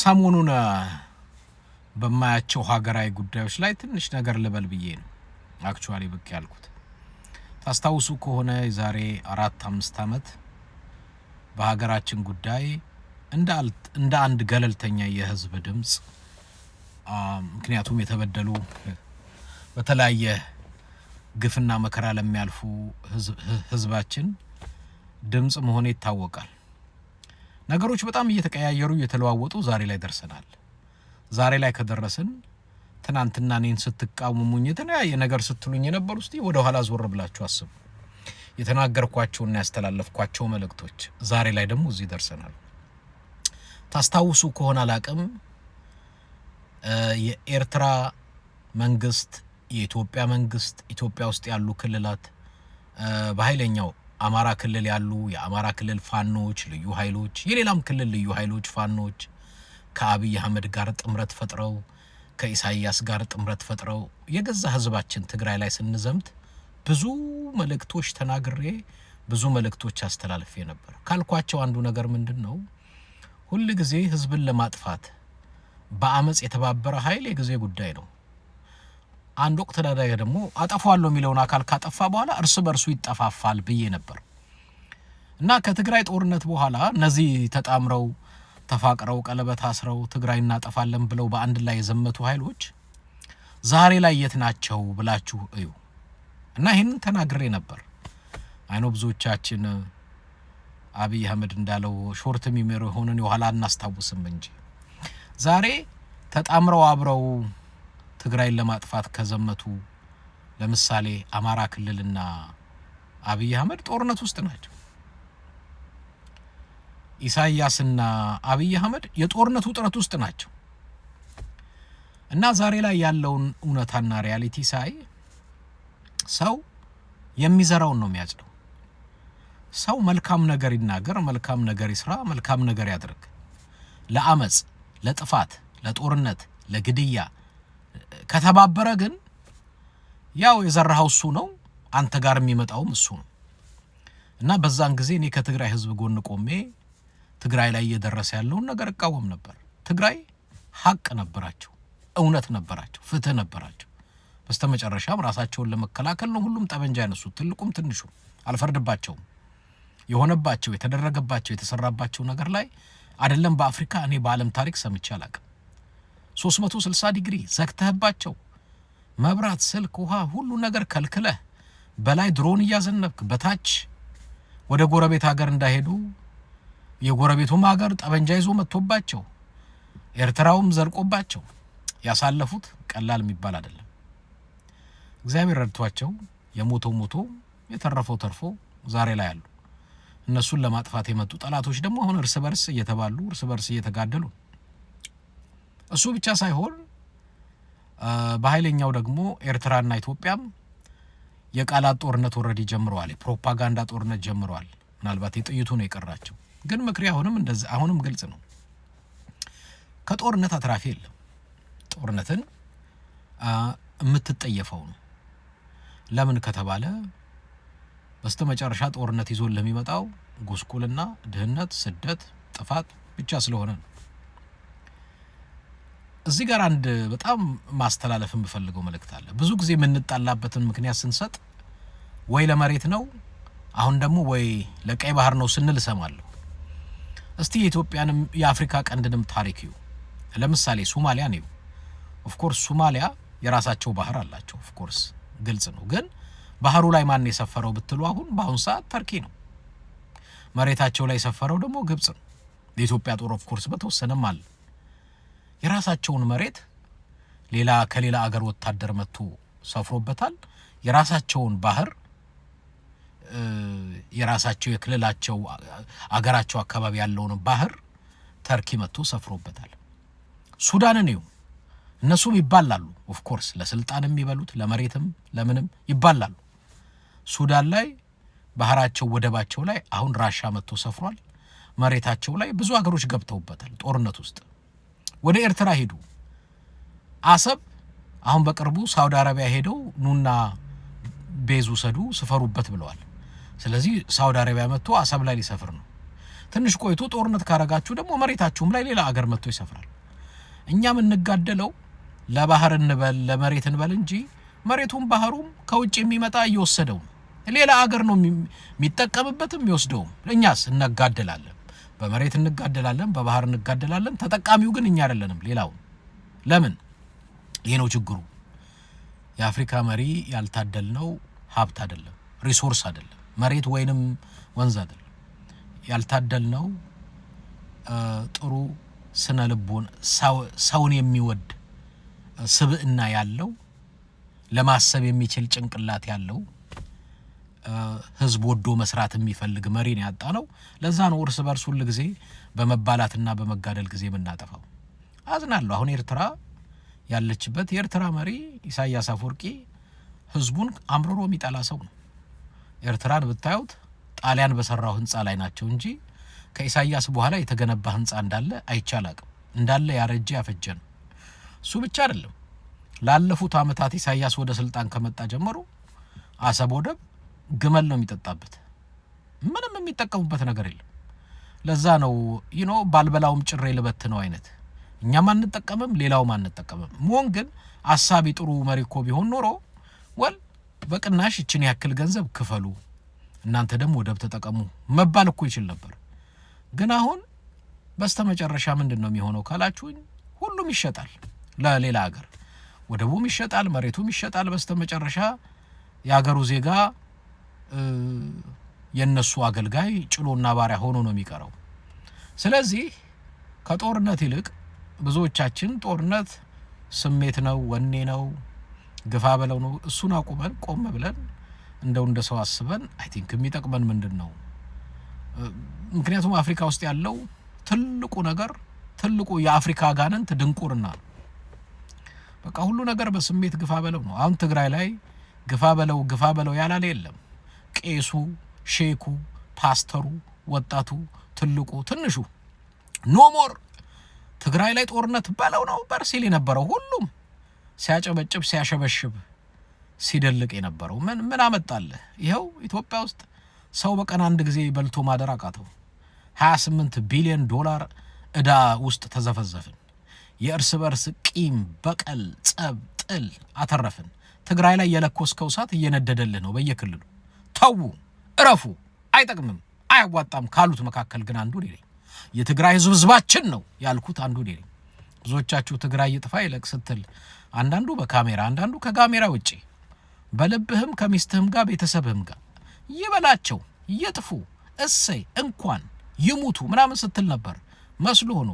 ሰሞኑን በማያቸው ሀገራዊ ጉዳዮች ላይ ትንሽ ነገር ልበል ብዬ ነው አክቹዋሊ ብቅ ያልኩት። ታስታውሱ ከሆነ የዛሬ አራት አምስት ዓመት በሀገራችን ጉዳይ እንደ አንድ ገለልተኛ የህዝብ ድምፅ ምክንያቱም የተበደሉ በተለያየ ግፍና መከራ ለሚያልፉ ህዝባችን ድምፅ መሆን ይታወቃል። ነገሮች በጣም እየተቀያየሩ እየተለዋወጡ ዛሬ ላይ ደርሰናል። ዛሬ ላይ ከደረስን ትናንትና እኔን ስትቃወሙኝ የተለያየ ነገር ስትሉኝ የነበሩ ስ ወደ ኋላ ዞር ብላችሁ አስቡ። የተናገርኳቸውና ያስተላለፍኳቸው መልእክቶች ዛሬ ላይ ደግሞ እዚህ ደርሰናል። ታስታውሱ ከሆነ አላቅም የኤርትራ መንግስት፣ የኢትዮጵያ መንግስት ኢትዮጵያ ውስጥ ያሉ ክልላት በኃይለኛው አማራ ክልል ያሉ የአማራ ክልል ፋኖች፣ ልዩ ኃይሎች፣ የሌላም ክልል ልዩ ኃይሎች ፋኖች ከአብይ አህመድ ጋር ጥምረት ፈጥረው ከኢሳይያስ ጋር ጥምረት ፈጥረው የገዛ ህዝባችን ትግራይ ላይ ስንዘምት ብዙ መልእክቶች ተናግሬ ብዙ መልእክቶች አስተላልፌ ነበር። ካልኳቸው አንዱ ነገር ምንድን ነው? ሁል ጊዜ ህዝብን ለማጥፋት በአመፅ የተባበረ ኃይል የጊዜ ጉዳይ ነው። አንድ ወቅት ዳዳጋ ደግሞ አጠፋዋለሁ የሚለውን አካል ካጠፋ በኋላ እርስ በርሱ ይጠፋፋል ብዬ ነበር እና ከትግራይ ጦርነት በኋላ እነዚህ ተጣምረው ተፋቅረው ቀለበት አስረው ትግራይ እናጠፋለን ብለው በአንድ ላይ የዘመቱ ኃይሎች ዛሬ ላይ የት ናቸው ብላችሁ እዩ እና ይህንን ተናግሬ ነበር። አይኖ ብዙዎቻችን አብይ አህመድ እንዳለው ሾርት የሚመሩ የሆንን የኋላ እናስታውስም እንጂ ዛሬ ተጣምረው አብረው ትግራይን ለማጥፋት ከዘመቱ ለምሳሌ አማራ ክልልና አብይ አህመድ ጦርነት ውስጥ ናቸው። ኢሳያስና አብይ አህመድ የጦርነት ውጥረት ውስጥ ናቸው እና ዛሬ ላይ ያለውን እውነታና ሪያሊቲ ሳይ ሰው የሚዘራውን ነው የሚያጭደው። ሰው መልካም ነገር ይናገር፣ መልካም ነገር ይስራ፣ መልካም ነገር ያድርግ። ለአመፅ፣ ለጥፋት፣ ለጦርነት፣ ለግድያ ከተባበረ ግን ያው የዘራኸው እሱ ነው፣ አንተ ጋር የሚመጣውም እሱ ነው እና በዛን ጊዜ እኔ ከትግራይ ህዝብ ጎን ቆሜ ትግራይ ላይ እየደረሰ ያለውን ነገር እቃወም ነበር። ትግራይ ሀቅ ነበራቸው፣ እውነት ነበራቸው፣ ፍትህ ነበራቸው። በስተ መጨረሻም ራሳቸውን ለመከላከል ነው ሁሉም ጠመንጃ ያነሱት፣ ትልቁም ትንሹም። አልፈርድባቸውም። የሆነባቸው የተደረገባቸው የተሰራባቸው ነገር ላይ አይደለም በአፍሪካ እኔ በዓለም ታሪክ ሰምቼ አላቅም። 360 ዲግሪ ዘግተህባቸው መብራት፣ ስልክ፣ ውሃ ሁሉ ነገር ከልክለህ በላይ ድሮን እያዘነብክ በታች ወደ ጎረቤት ሀገር እንዳይሄዱ የጎረቤቱም ሀገር ጠመንጃ ይዞ መጥቶባቸው ኤርትራውም ዘልቆባቸው ያሳለፉት ቀላል የሚባል አይደለም። እግዚአብሔር ረድቷቸው የሞተው ሞቶ የተረፈው ተርፎ ዛሬ ላይ አሉ። እነሱን ለማጥፋት የመጡ ጠላቶች ደግሞ አሁን እርስ በርስ እየተባሉ እርስ በርስ እየተጋደሉ ነው። እሱ ብቻ ሳይሆን በኃይለኛው ደግሞ ኤርትራና ኢትዮጵያም የቃላት ጦርነት ወረድ ጀምረዋል። የፕሮፓጋንዳ ጦርነት ጀምረዋል። ምናልባት የጥይቱ ነው የቀራቸው። ግን ምክሬ አሁንም እንደዚ አሁንም ግልጽ ነው። ከጦርነት አትራፊ የለም። ጦርነትን የምትጠየፈው ነው። ለምን ከተባለ በስተ መጨረሻ ጦርነት ይዞን ለሚመጣው ጉስቁልና፣ ድህነት፣ ስደት፣ ጥፋት ብቻ ስለሆነ ነው። እዚህ ጋር አንድ በጣም ማስተላለፍ የምፈልገው መልእክት አለ። ብዙ ጊዜ የምንጣላበትን ምክንያት ስንሰጥ ወይ ለመሬት ነው፣ አሁን ደግሞ ወይ ለቀይ ባህር ነው ስንል እሰማለሁ። እስቲ የኢትዮጵያንም የአፍሪካ ቀንድንም ታሪክ እዩ። ለምሳሌ ሶማሊያ ነው። ኦፍኮርስ ሶማሊያ የራሳቸው ባህር አላቸው። ኦፍኮርስ ግልጽ ነው። ግን ባህሩ ላይ ማን የሰፈረው ብትሉ አሁን በአሁኑ ሰዓት ተርኪ ነው። መሬታቸው ላይ የሰፈረው ደግሞ ግብጽ ነው። የኢትዮጵያ ጦር ኦፍኮርስ በተወሰነም አለ። የራሳቸውን መሬት ሌላ ከሌላ አገር ወታደር መጥቶ ሰፍሮበታል። የራሳቸውን ባህር የራሳቸው የክልላቸው አገራቸው አካባቢ ያለውን ባህር ተርኪ መጥቶ ሰፍሮበታል። ሱዳንን ይሁን እነሱም ይባላሉ። ኦፍኮርስ ለስልጣን የሚበሉት ለመሬትም ለምንም ይባላሉ። ሱዳን ላይ ባህራቸው ወደባቸው ላይ አሁን ራሻ መጥቶ ሰፍሯል። መሬታቸው ላይ ብዙ ሀገሮች ገብተውበታል ጦርነት ውስጥ ወደ ኤርትራ ሄዱ። አሰብ አሁን በቅርቡ ሳውዲ አረቢያ ሄደው ኑና ቤዝ ውሰዱ ስፈሩበት ብለዋል። ስለዚህ ሳውዲ አረቢያ መጥቶ አሰብ ላይ ሊሰፍር ነው። ትንሽ ቆይቶ ጦርነት ካረጋችሁ ደግሞ መሬታችሁም ላይ ሌላ አገር መጥቶ ይሰፍራል። እኛ የምንጋደለው ለባህር እንበል ለመሬት እንበል እንጂ መሬቱም ባህሩም ከውጭ የሚመጣ እየወሰደው ሌላ አገር ነው የሚጠቀምበትም የሚወስደውም። እኛስ እናጋደላለን። በመሬት እንጋደላለን፣ በባህር እንጋደላለን። ተጠቃሚው ግን እኛ አይደለንም። ሌላው ለምን? ይህ ነው ችግሩ። የአፍሪካ መሪ ያልታደልነው ሀብት አይደለም፣ ሪሶርስ አይደለም፣ መሬት ወይንም ወንዝ አይደለም። ያልታደልነው ጥሩ ስነ ልቦን ሰውን የሚወድ ስብዕና ያለው ለማሰብ የሚችል ጭንቅላት ያለው ህዝብ ወዶ መስራት የሚፈልግ መሪን ያጣ ነው። ለዛ ነው እርስ በርስ ሁል ጊዜ በመባላትና በመጋደል ጊዜ የምናጠፋው። አዝናለሁ። አሁን ኤርትራ ያለችበት የኤርትራ መሪ ኢሳያስ አፈወርቂ ህዝቡን አምርሮ የሚጠላ ሰው ነው። ኤርትራን ብታዩት ጣሊያን በሰራው ህንፃ ላይ ናቸው እንጂ ከኢሳያስ በኋላ የተገነባ ህንፃ እንዳለ አይቻላቅም። እንዳለ ያረጀ ያፈጀ ነው። እሱ ብቻ አይደለም። ላለፉት አመታት ኢሳያስ ወደ ስልጣን ከመጣ ጀምሮ አሰብ ወደብ ግመል ነው የሚጠጣበት። ምንም የሚጠቀሙበት ነገር የለም። ለዛ ነው ይኖ ባልበላውም ጭሬ ልበት ነው አይነት እኛም አንጠቀምም፣ ሌላውም አንጠቀምም። ሞን ግን አሳቢ ጥሩ መሪ እኮ ቢሆን ኖሮ ወል በቅናሽ ይችን ያክል ገንዘብ ክፈሉ፣ እናንተ ደግሞ ወደብ ተጠቀሙ መባል እኮ ይችል ነበር። ግን አሁን በስተ መጨረሻ ምንድን ነው የሚሆነው ካላችሁኝ፣ ሁሉም ይሸጣል ለሌላ ሀገር፣ ወደቡም ይሸጣል፣ መሬቱም ይሸጣል። በስተ መጨረሻ የሀገሩ ዜጋ የእነሱ አገልጋይ ጭሎና ባሪያ ሆኖ ነው የሚቀረው። ስለዚህ ከጦርነት ይልቅ ብዙዎቻችን ጦርነት ስሜት ነው፣ ወኔ ነው፣ ግፋ በለው ነው። እሱን አቁመን ቆም ብለን እንደው እንደ ሰው አስበን አይ ቲንክ የሚጠቅመን ምንድን ነው? ምክንያቱም አፍሪካ ውስጥ ያለው ትልቁ ነገር ትልቁ የአፍሪካ ጋንንት ድንቁርና በቃ ሁሉ ነገር በስሜት ግፋ በለው ነው። አሁን ትግራይ ላይ ግፋ በለው ግፋ በለው ያላለ የለም። ቄሱ፣ ሼኩ፣ ፓስተሩ፣ ወጣቱ፣ ትልቁ፣ ትንሹ ኖሞር ትግራይ ላይ ጦርነት በለው ነበር ሲል የነበረው ሁሉም ሲያጨበጭብ ሲያሸበሽብ ሲደልቅ የነበረው ምን ምን አመጣልህ? ይኸው ኢትዮጵያ ውስጥ ሰው በቀን አንድ ጊዜ በልቶ ማደር አቃተው። 28 ቢሊዮን ዶላር እዳ ውስጥ ተዘፈዘፍን። የእርስ በርስ ቂም፣ በቀል፣ ጸብ፣ ጥል አተረፍን። ትግራይ ላይ የለኮስከው እሳት እየነደደልህ ነው በየክልሉ ተዉ፣ እረፉ፣ አይጠቅምም፣ አያዋጣም ካሉት መካከል ግን አንዱ እኔ ነኝ። የትግራይ ህዝብ ህዝባችን ነው ያልኩት አንዱ እኔ ነኝ። ብዙዎቻችሁ ትግራይ ይጥፋ ይለቅ ስትል አንዳንዱ በካሜራ አንዳንዱ ከካሜራ ውጪ በልብህም ከሚስትህም ጋር ቤተሰብህም ጋር ይበላቸው ይጥፉ እሰይ እንኳን ይሙቱ ምናምን ስትል ነበር መስሎ ሆኖ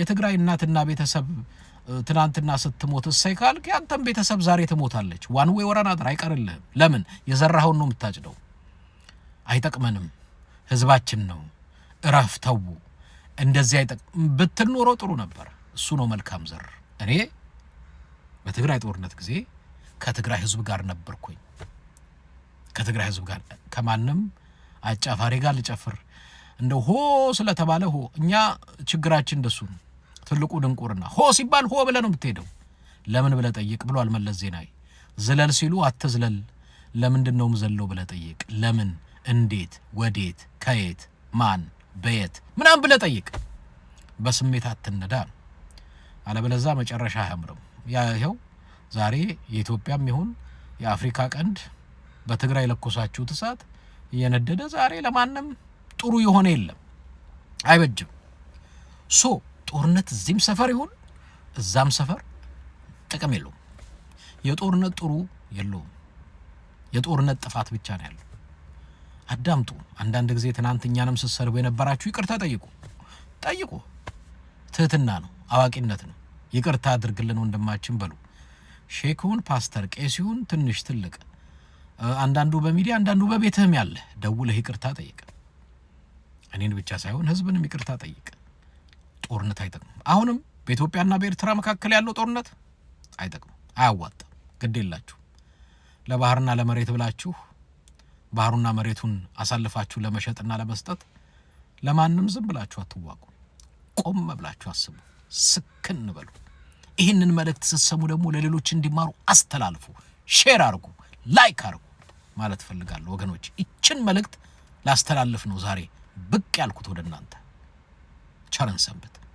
የትግራይ እናትና ቤተሰብ ትናንትና ስትሞት እሰይ ካልክ ያንተም ቤተሰብ ዛሬ ትሞታለች። ዋን ዌይ ወራናድር አይቀርልህም። ለምን የዘራኸውን ነው የምታጭደው። አይጠቅመንም፣ ህዝባችን ነው፣ እረፍ ተዉ፣ እንደዚህ አይጠቅም ብትል ኖሮ ጥሩ ነበር። እሱ ነው መልካም ዘር። እኔ በትግራይ ጦርነት ጊዜ ከትግራይ ህዝብ ጋር ነበርኩኝ። ከትግራይ ህዝብ ጋር ከማንም አጫፋሪ ጋር ልጨፍር እንደ ሆ ስለተባለ ሆ እኛ ችግራችን እንደሱ ነው። ትልቁ ድንቁርና ሆ ሲባል ሆ ብለህ ነው የምትሄደው። ለምን ብለህ ጠይቅ ብሏል መለስ ዜናዊ። ዝለል ሲሉ አትዝለል፣ ለምንድን ነው ምዘለው ብለህ ጠይቅ። ለምን እንዴት፣ ወዴት፣ ከየት፣ ማን፣ በየት ምናምን ብለህ ጠይቅ። በስሜት አትነዳ አለበለዛ መጨረሻ አያምርም። ይኸው ዛሬ የኢትዮጵያም ይሁን የአፍሪካ ቀንድ በትግራይ ለኮሳችሁት እሳት እየነደደ ዛሬ ለማንም ጥሩ የሆነ የለም፣ አይበጅም። ሶ ጦርነት እዚህም ሰፈር ይሁን እዛም ሰፈር ጥቅም የለውም። የጦርነት ጥሩ የለውም። የጦርነት ጥፋት ብቻ ነው ያለው። አዳምጡ። አንዳንድ ጊዜ ትናንት እኛንም ስትሰርቡ የነበራችሁ ይቅርታ ጠይቁ ጠይቁ። ትህትና ነው፣ አዋቂነት ነው። ይቅርታ አድርግልን ወንድማችን በሉ። ሼክሁን፣ ፓስተር፣ ቄሲሁን፣ ትንሽ ትልቅ፣ አንዳንዱ በሚዲያ አንዳንዱ በቤትህም ያለ ደውለህ ይቅርታ ጠይቅ። እኔን ብቻ ሳይሆን ህዝብንም ይቅርታ ጠይቅ። ጦርነት አይጠቅም። አሁንም በኢትዮጵያና በኤርትራ መካከል ያለው ጦርነት አይጠቅም፣ አያዋጣም። ግድ የላችሁ ለባህርና ለመሬት ብላችሁ ባህሩና መሬቱን አሳልፋችሁ ለመሸጥና ለመስጠት ለማንም ዝም ብላችሁ አትዋቁ። ቆም ብላችሁ አስቡ፣ ስክን በሉ። ይህንን መልእክት ስትሰሙ ደግሞ ለሌሎች እንዲማሩ አስተላልፉ፣ ሼር አድርጉ፣ ላይክ አድርጉ ማለት እፈልጋለሁ ወገኖች። ይችን መልእክት ላስተላልፍ ነው ዛሬ ብቅ ያልኩት ወደ እናንተ። ቸርን ሰንብት።